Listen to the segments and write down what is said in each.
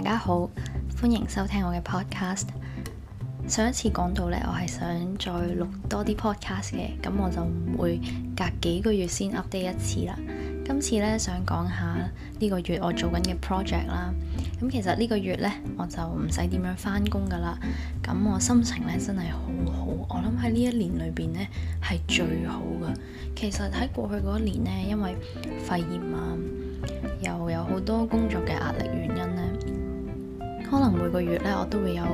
大家好，歡迎收聽我嘅 podcast。上一次講到呢，我係想再錄多啲 podcast 嘅，咁我就唔會隔幾個月先 update 一次啦。今次呢，想講下呢個月我做緊嘅 project 啦。咁其實呢個月呢，我就唔使點樣返工噶啦。咁我心情呢，真係好好，我諗喺呢一年裏邊呢，係最好噶。其實喺過去嗰一年呢，因為肺炎啊，又有好多工作嘅壓力原因呢。可能每個月咧，我都會有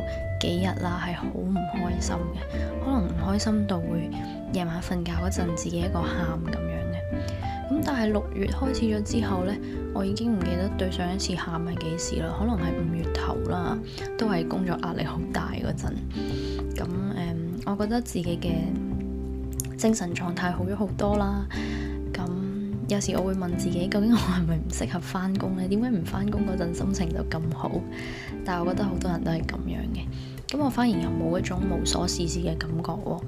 幾日啦，係好唔開心嘅。可能唔開心到會夜晚瞓覺嗰陣自己一個喊咁樣嘅。咁但係六月開始咗之後呢，我已經唔記得對上一次喊係幾時啦。可能係五月頭啦，都係工作壓力好大嗰陣。咁誒，嗯，我覺得自己嘅精神狀態好咗好多啦。有時我會問自己，究竟我係咪唔適合返工呢？點解唔返工嗰陣心情就咁好？但係我覺得好多人都係咁樣嘅，咁我反而又冇一種無所事事嘅感覺喎、哦。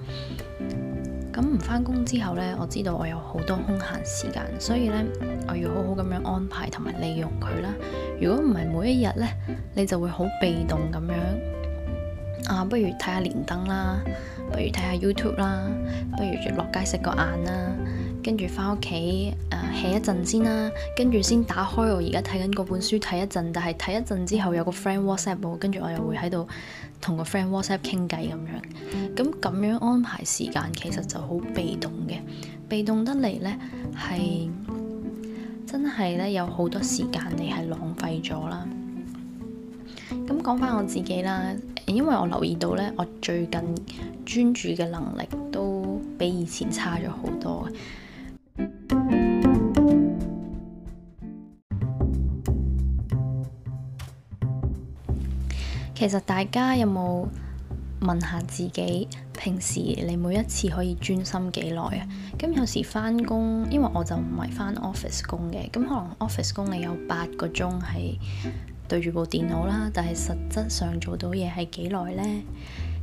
咁唔返工之後呢，我知道我有好多空閒時間，所以呢，我要好好咁樣安排同埋利用佢啦。如果唔係每一日呢，你就會好被動咁樣。啊，不如睇下連登啦，不如睇下 YouTube 啦，不如落街食個晏啦。跟住翻屋企，誒、呃、起一陣先啦、啊。跟住先打開我而家睇緊嗰本書睇一陣，但係睇一陣之後有個 friend WhatsApp 我，跟住我又會喺度同個 friend WhatsApp 傾偈咁樣。咁咁樣安排時間其實就好被動嘅，被動得嚟呢，係真係咧有好多時間你係浪費咗啦。咁講翻我自己啦，因為我留意到呢，我最近專注嘅能力都比以前差咗好多。其實大家有冇問下自己，平時你每一次可以專心幾耐啊？咁有時返工，因為我就唔係返 office 工嘅，咁可能 office 工你有八個鐘係對住部電腦啦，但係實質上做到嘢係幾耐呢？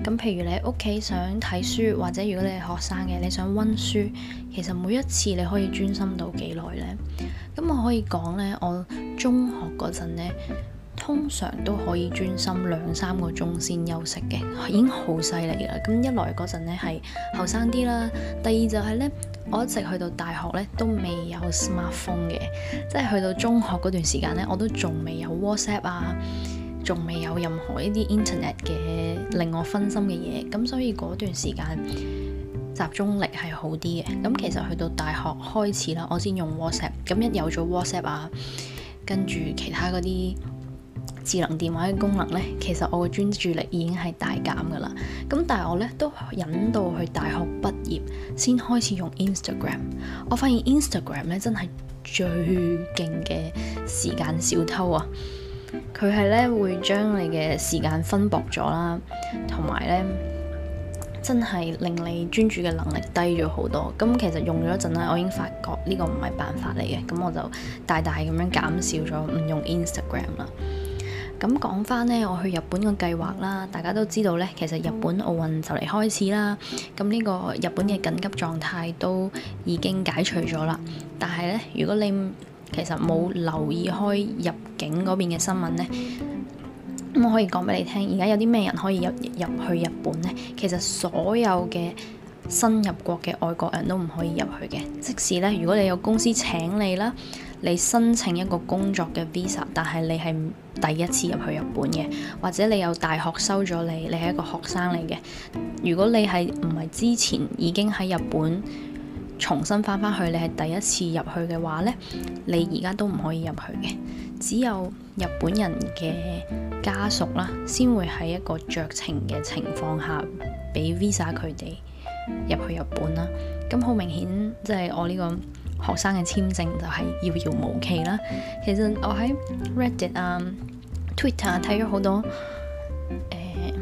咁譬如你喺屋企想睇書，或者如果你係學生嘅，你想溫書，其實每一次你可以專心到幾耐呢？咁我可以講呢，我中學嗰陣呢。通常都可以專心兩三個鐘先休息嘅，已經好犀利啦。咁一來嗰陣呢係後生啲啦，第二就係呢，我一直去到大學呢都未有 smartphone 嘅，即係去到中學嗰段時間呢，我都仲未有 WhatsApp 啊，仲未有任何一啲 internet 嘅令我分心嘅嘢，咁所以嗰段時間集中力係好啲嘅。咁其實去到大學開始啦，我先用 WhatsApp，咁一有咗 WhatsApp 啊，跟住其他嗰啲智能電話嘅功能呢，其實我嘅專注力已經係大減㗎喇。咁但係我呢，都忍到去大學畢業先開始用 Instagram。我發現 Instagram 呢，真係最勁嘅時間小偷啊！佢係呢，會將你嘅時間分薄咗啦，同埋呢，真係令你專注嘅能力低咗好多。咁其實用咗一陣呢，我已經發覺呢個唔係辦法嚟嘅，咁我就大大咁樣減少咗唔用 Instagram 啦。咁講翻呢，我去日本嘅計劃啦，大家都知道呢，其實日本奧運就嚟開始啦。咁呢個日本嘅緊急狀態都已經解除咗啦。但係呢，如果你其實冇留意開入境嗰邊嘅新聞呢，咁我可以講俾你聽，而家有啲咩人可以入入去日本呢？其實所有嘅新入國嘅外國人都唔可以入去嘅，即使呢，如果你有公司請你啦。你申請一個工作嘅 visa，但係你係第一次入去日本嘅，或者你有大學收咗你，你係一個學生嚟嘅。如果你係唔係之前已經喺日本重新翻翻去，你係第一次入去嘅話呢，你而家都唔可以入去嘅。只有日本人嘅家屬啦，先會喺一個酌情嘅情況下俾 visa 佢哋入去日本啦。咁好明顯，即係我呢個。學生嘅簽證就係遙遙無期啦。其實我喺 Reddit 啊、Twitter 睇咗好多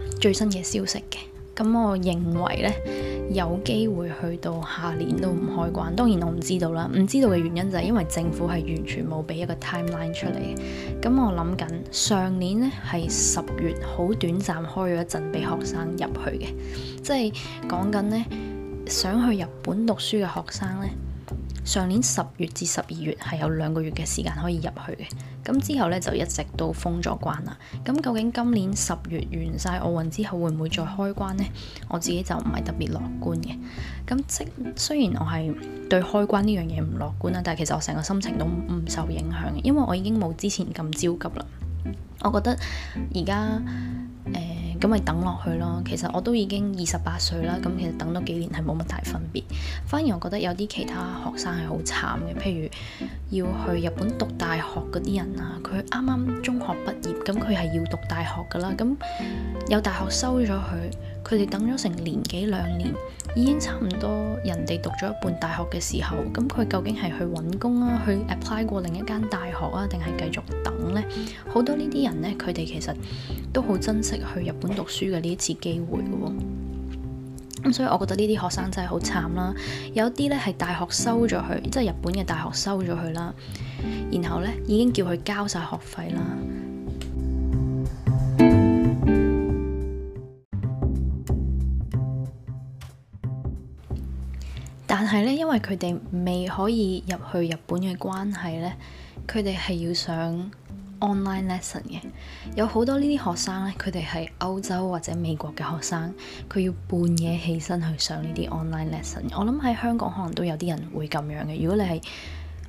誒最新嘅消息嘅。咁我認為呢，有機會去到下年都唔開關。當然我唔知道啦，唔知道嘅原因就係因為政府係完全冇俾一個 timeline 出嚟嘅。咁我諗緊上年呢係十月好短暫開咗一陣俾學生入去嘅，即係講緊呢，想去日本讀書嘅學生呢。上年十月至十二月係有兩個月嘅時間可以入去嘅，咁之後呢，就一直都封咗關啦。咁究竟今年十月完晒奧運之後會唔會再開關呢？我自己就唔係特別樂觀嘅。咁即雖然我係對開關呢樣嘢唔樂觀啦，但係其實我成個心情都唔受影響，因為我已經冇之前咁焦急啦。我覺得而家。咁咪等落去咯，其實我都已經二十八歲啦，咁其實等多幾年係冇乜大分別。反而我覺得有啲其他學生係好慘嘅，譬如要去日本讀大學嗰啲人啊，佢啱啱中學畢業，咁佢係要讀大學㗎啦，咁有大學收咗佢。佢哋等咗成年幾兩年，已經差唔多人哋讀咗一半大學嘅時候，咁佢究竟係去揾工啊，去 apply 過另一間大學啊，定係繼續等呢？好多呢啲人呢，佢哋其實都好珍惜去日本讀書嘅呢一次機會嘅喎。咁所以我覺得呢啲學生真係好慘啦，有啲呢係大學收咗佢，即係日本嘅大學收咗佢啦，然後呢已經叫佢交晒學費啦。係咧，因為佢哋未可以入去日本嘅關係咧，佢哋係要上 online lesson 嘅。有好多呢啲學生咧，佢哋係歐洲或者美國嘅學生，佢要半夜起身去上呢啲 online lesson。我諗喺香港可能都有啲人會咁樣嘅。如果你係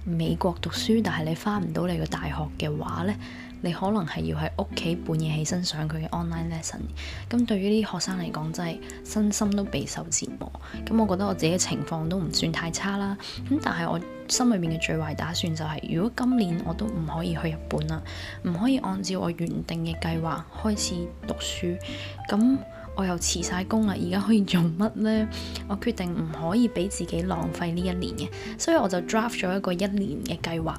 美國讀書，但係你翻唔到你個大學嘅話咧。你可能係要喺屋企半夜起身上佢嘅 online lesson，咁對於啲學生嚟講真係身心都備受折磨。咁我覺得我自己嘅情況都唔算太差啦，咁但係我心裏面嘅最壞打算就係，如果今年我都唔可以去日本啦，唔可以按照我原定嘅計劃開始讀書，咁我又辭晒工啦，而家可以做乜呢？我決定唔可以俾自己浪費呢一年嘅，所以我就 draft 咗一個一年嘅計劃。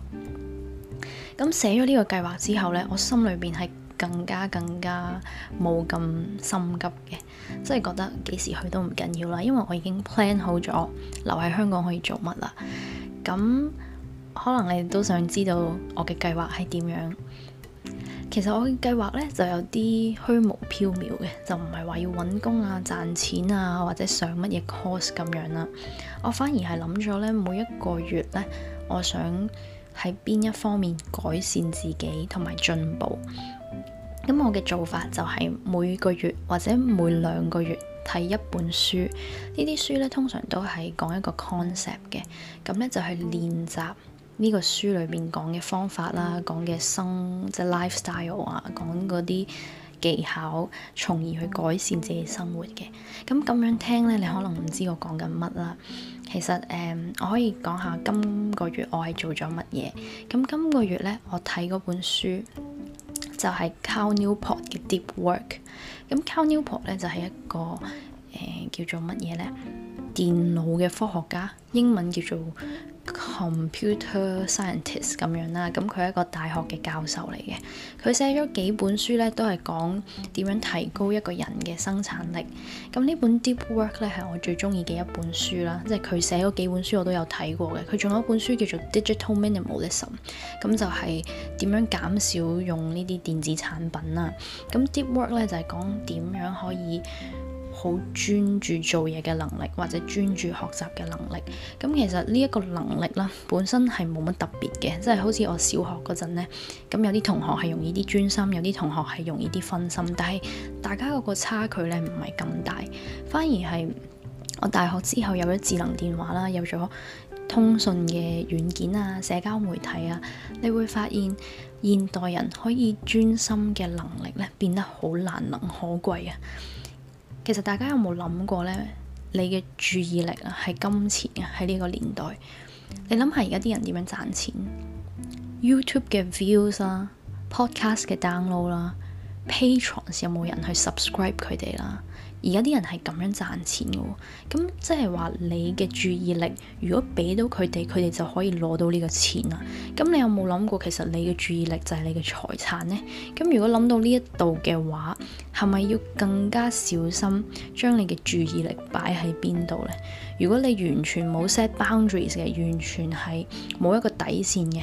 咁寫咗呢個計劃之後呢，我心裏邊係更加更加冇咁心急嘅，即係覺得幾時去都唔緊要啦，因為我已經 plan 好咗留喺香港可以做乜啦。咁可能你都想知道我嘅計劃係點樣？其實我嘅計劃呢，就有啲虛無縹緲嘅，就唔係話要揾工啊、賺錢啊或者上乜嘢 course 咁樣啦。我反而係諗咗呢，每一個月呢，我想喺邊一方面改善自己同埋進步，咁我嘅做法就係每個月或者每兩個月睇一本書，書呢啲書咧通常都係講一個 concept 嘅，咁咧就係練習呢個書裏面講嘅方法啦，講嘅生即係、就是、lifestyle 啊，講嗰啲技巧，從而去改善自己生活嘅。咁咁樣聽咧，你可能唔知我講緊乜啦。其實誒，um, 我可以講下今個月我係做咗乜嘢。咁今個月咧，我睇嗰本書就係、是、Cal Newport 嘅 Deep Work。咁 Cal Newport 咧就係、是、一個誒、呃、叫做乜嘢咧？電腦嘅科學家，英文叫做，Computer scientist 咁樣啦，咁佢係一個大學嘅教授嚟嘅。佢寫咗幾本書咧，都係講點樣提高一個人嘅生產力。咁呢本 Deep Work 咧係我最鍾意嘅一本書啦，即係佢寫嗰幾本書我都有睇過嘅。佢仲有一本書叫做 Digital Minimalism，咁就係點樣減少用呢啲電子產品啦。咁 Deep Work 咧就係講點樣可以好專注做嘢嘅能力，或者專注學習嘅能力，咁其實呢一個能力啦，本身係冇乜特別嘅，即係好似我小學嗰陣咧，咁有啲同學係容易啲專心，有啲同學係容易啲分心，但係大家嗰個差距咧唔係咁大，反而係我大學之後有咗智能電話啦，有咗通訊嘅軟件啊、社交媒體啊，你會發現現代人可以專心嘅能力咧，變得好難能可貴啊！其實大家有冇諗過呢？你嘅注意力啊，係金錢啊，喺呢個年代，你諗下而家啲人點樣賺錢？YouTube 嘅 views 啦，Podcast 嘅 download 啦，Patreon 有冇人去 subscribe 佢哋啦？而家啲人係咁樣賺錢嘅，咁即係話你嘅注意力如果俾到佢哋，佢哋就可以攞到呢個錢啦。咁你有冇諗過其實你嘅注意力就係你嘅財產呢？咁如果諗到呢一度嘅話，係咪要更加小心將你嘅注意力擺喺邊度呢？如果你完全冇 set boundaries 嘅，完全係冇一個底線嘅，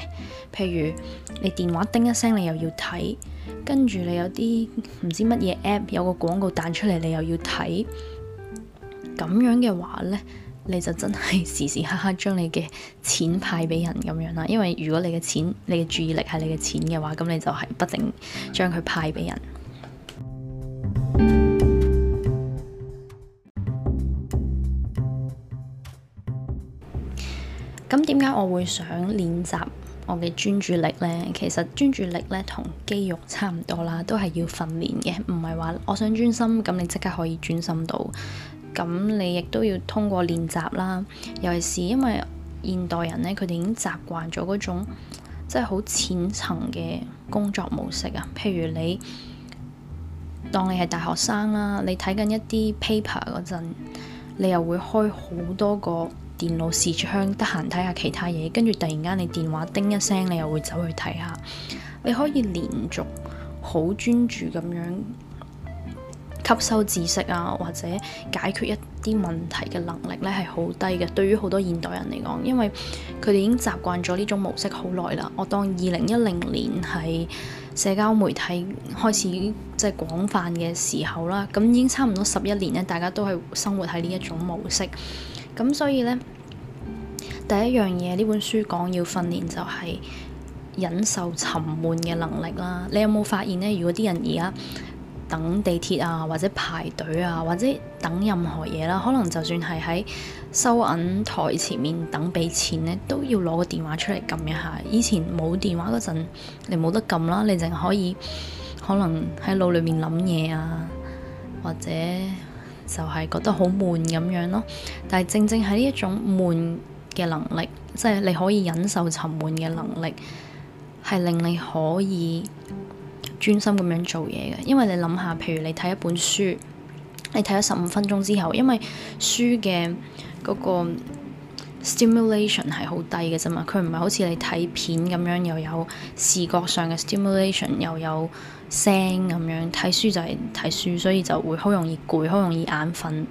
譬如你電話叮一聲，你又要睇。跟住你有啲唔知乜嘢 app 有個廣告彈出嚟，你又要睇，咁樣嘅話呢，你就真係時時刻刻將你嘅錢派俾人咁樣啦。因為如果你嘅錢、你嘅注意力係你嘅錢嘅話，咁你就係不停將佢派俾人。咁點解我會想練習？我嘅專注力呢，其實專注力呢，同肌肉差唔多啦，都係要訓練嘅，唔係話我想專心咁，你即刻可以專心到。咁你亦都要通過練習啦，尤其是因為現代人呢，佢哋已經習慣咗嗰種即係好淺層嘅工作模式啊。譬如你當你係大學生啦，你睇緊一啲 paper 嗰陣，你又會開好多個電腦視窗，得閒睇下其他嘢，跟住突然間你電話叮一聲，你又會走去睇下。你可以連續好專注咁樣吸收知識啊，或者解決一啲問題嘅能力咧，係好低嘅。對於好多現代人嚟講，因為佢哋已經習慣咗呢種模式好耐啦。我當二零一零年係社交媒體開始即係廣泛嘅時候啦，咁已經差唔多十一年咧，大家都係生活喺呢一種模式。咁所以呢，第一樣嘢呢本書講要訓練就係忍受沉悶嘅能力啦。你有冇發現呢？如果啲人而家等地鐵啊，或者排隊啊，或者等任何嘢啦，可能就算係喺收銀台前面等俾錢呢，都要攞個電話出嚟撳一下。以前冇電話嗰陣，你冇得撳啦，你淨可以可能喺腦裏面諗嘢啊，或者～就係覺得好悶咁樣咯，但係正正係呢一種悶嘅能力，即係你可以忍受沉悶嘅能力，係令你可以專心咁樣做嘢嘅。因為你諗下，譬如你睇一本書，你睇咗十五分鐘之後，因為書嘅嗰個。Stimulation 係好低嘅啫嘛，佢唔係好似你睇片咁樣又有視覺上嘅 stimulation，又有聲咁樣，睇書就係睇書，所以就會好容易攰，好容易眼瞓。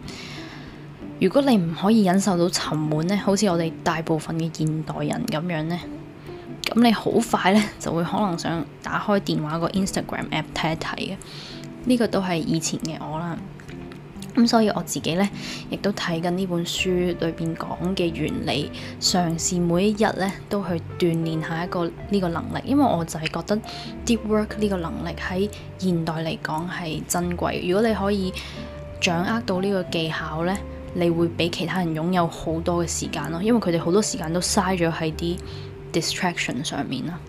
如果你唔可以忍受到沉悶呢，好似我哋大部分嘅現代人咁樣呢。咁你好快呢，就會可能想打開電話個 Instagram app 睇一睇嘅，呢個都係以前嘅我啦。咁、嗯、所以我自己咧，亦都睇緊呢本書裏邊講嘅原理，嘗試每一日咧都去鍛鍊下一個呢個能力。因為我就係覺得 deep work 呢個能力喺現代嚟講係珍貴。如果你可以掌握到呢個技巧咧，你會比其他人擁有好多嘅時間咯。因為佢哋好多時間都嘥咗喺啲 distraction 上面啦。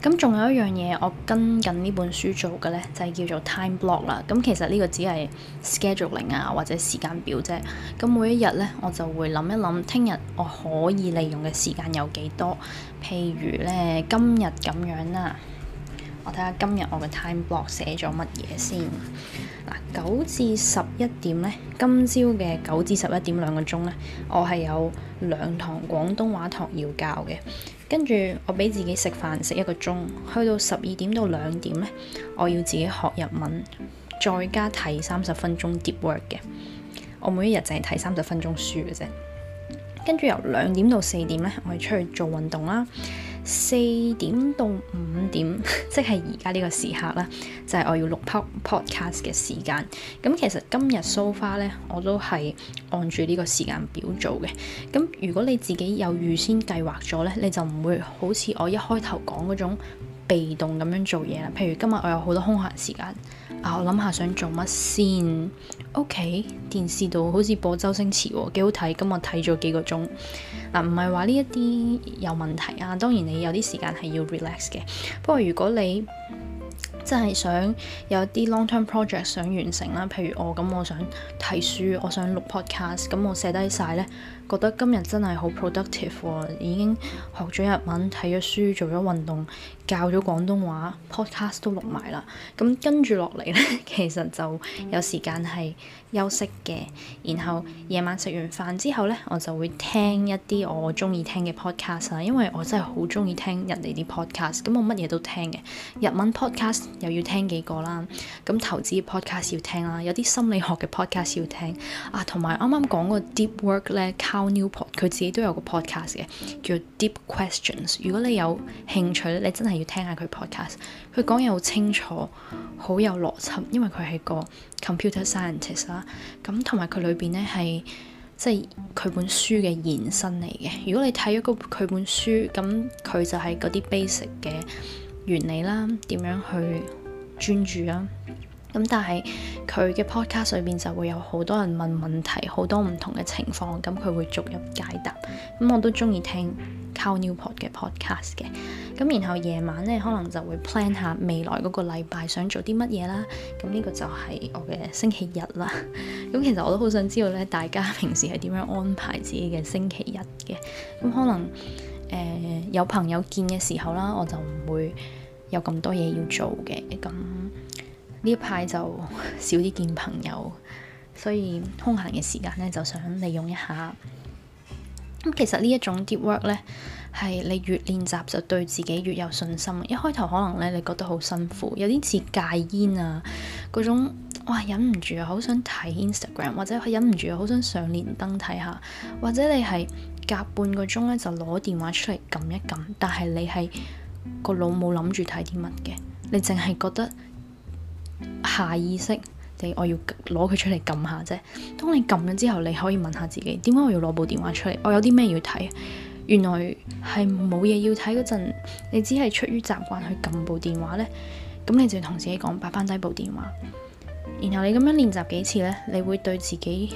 咁仲有一樣嘢，我跟緊呢本書做嘅呢，就係叫做 time block 啦。咁其實呢個只係 scheduling 啊，或者時間表啫。咁每一日呢，我就會諗一諗，聽日我可以利用嘅時間有幾多？譬如呢今日咁樣啦，我睇下今日我嘅 time block 寫咗乜嘢先。嗱，九至十一點呢，今朝嘅九至十一點兩個鐘呢，我係有兩堂廣東話堂要教嘅。跟住我俾自己食飯食一個鐘，去到十二點到兩點咧，我要自己學日文，再加睇三十分鐘 Deep work 嘅。我每一日淨係睇三十分鐘書嘅啫。跟住由兩點到四點咧，我係出去做運動啦。四點到五點，即係而家呢個時刻啦，就係、是、我要錄 pod podcast 嘅時間。咁其實今日 so far 呢，我都係按住呢個時間表做嘅。咁如果你自己有預先計劃咗呢，你就唔會好似我一開頭講嗰種。被動咁樣做嘢啦，譬如今日我有好多空閒時間，啊，我諗下想做乜先？OK，電視度好似播周星馳喎、哦，幾好睇，今日睇咗幾個鐘。嗱、啊，唔係話呢一啲有問題啊，當然你有啲時間係要 relax 嘅。不過如果你真係想有啲 long-term project 想完成啦，譬如我咁，我想睇書，我想錄 podcast，咁我寫低晒呢。覺得今日真係好 productive，已經學咗日文、睇咗書、做咗運動、教咗廣東話、podcast 都錄埋啦。咁跟住落嚟呢，其實就有時間係休息嘅。然後夜晚食完飯之後呢，我就會聽一啲我中意聽嘅 podcast 啊，因為我真係好中意聽人哋啲 podcast。咁我乜嘢都聽嘅，日文 podcast 又要聽幾個啦。咁投資 podcast 要聽啦，有啲心理學嘅 podcast 要聽啊，同埋啱啱講嗰個 deep work 呢。佢自己都有個 podcast 嘅，叫 Deep Questions。如果你有興趣咧，你真係要聽下佢 podcast。佢講嘢好清楚，好有邏輯，因為佢係個 computer scientist 啦、啊。咁同埋佢裏邊咧係即係佢本書嘅延伸嚟嘅。如果你睇咗佢本書，咁佢就係嗰啲 basic 嘅原理啦，點樣去專注啊。咁但係佢嘅 podcast 裏邊就會有好多人問問題，好多唔同嘅情況，咁佢會逐一解答。咁我都中意聽 Cal Newport 嘅 podcast 嘅。咁然後夜晚呢，可能就會 plan 下未來嗰個禮拜想做啲乜嘢啦。咁呢個就係我嘅星期日啦。咁其實我都好想知道呢，大家平時係點樣安排自己嘅星期日嘅？咁可能誒、呃、有朋友見嘅時候啦，我就唔會有咁多嘢要做嘅。咁呢一派就少啲見朋友，所以空閒嘅時間呢，就想利用一下。咁其實 deep 呢一種 deep work 咧，係你越練習就對自己越有信心。一開頭可能呢，你覺得好辛苦，有啲似戒煙啊嗰種哇，忍唔住啊，好想睇 Instagram，或者佢忍唔住又好想上連登睇下，或者你係隔半個鐘呢，就攞電話出嚟撳一撳，但係你係個腦冇諗住睇啲乜嘅，你淨係覺得。下意識地我要攞佢出嚟撳下啫。當你撳咗之後，你可以問下自己，點解我要攞部電話出嚟？我有啲咩要睇？原來係冇嘢要睇嗰陣，你只係出於習慣去撳部電話呢。咁你就要同自己講擺翻低部電話，然後你咁樣練習幾次呢，你會對自己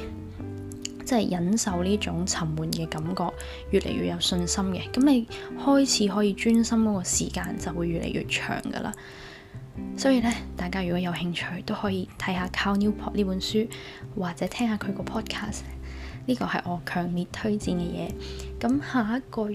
即係忍受呢種沉悶嘅感覺越嚟越有信心嘅。咁你開始可以專心嗰個時間就會越嚟越長噶啦。所以咧，大家如果有興趣，都可以睇下《Cal Newport》呢本書，或者聽下佢個 podcast。呢個係我強烈推薦嘅嘢。咁下一個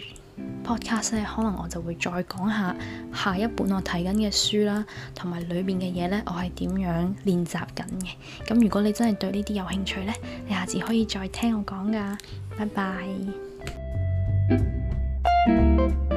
podcast 呢可能我就會再講下下一本我睇緊嘅書啦，同埋裏面嘅嘢呢。我係點樣練習緊嘅。咁如果你真係對呢啲有興趣呢，你下次可以再聽我講噶。拜拜。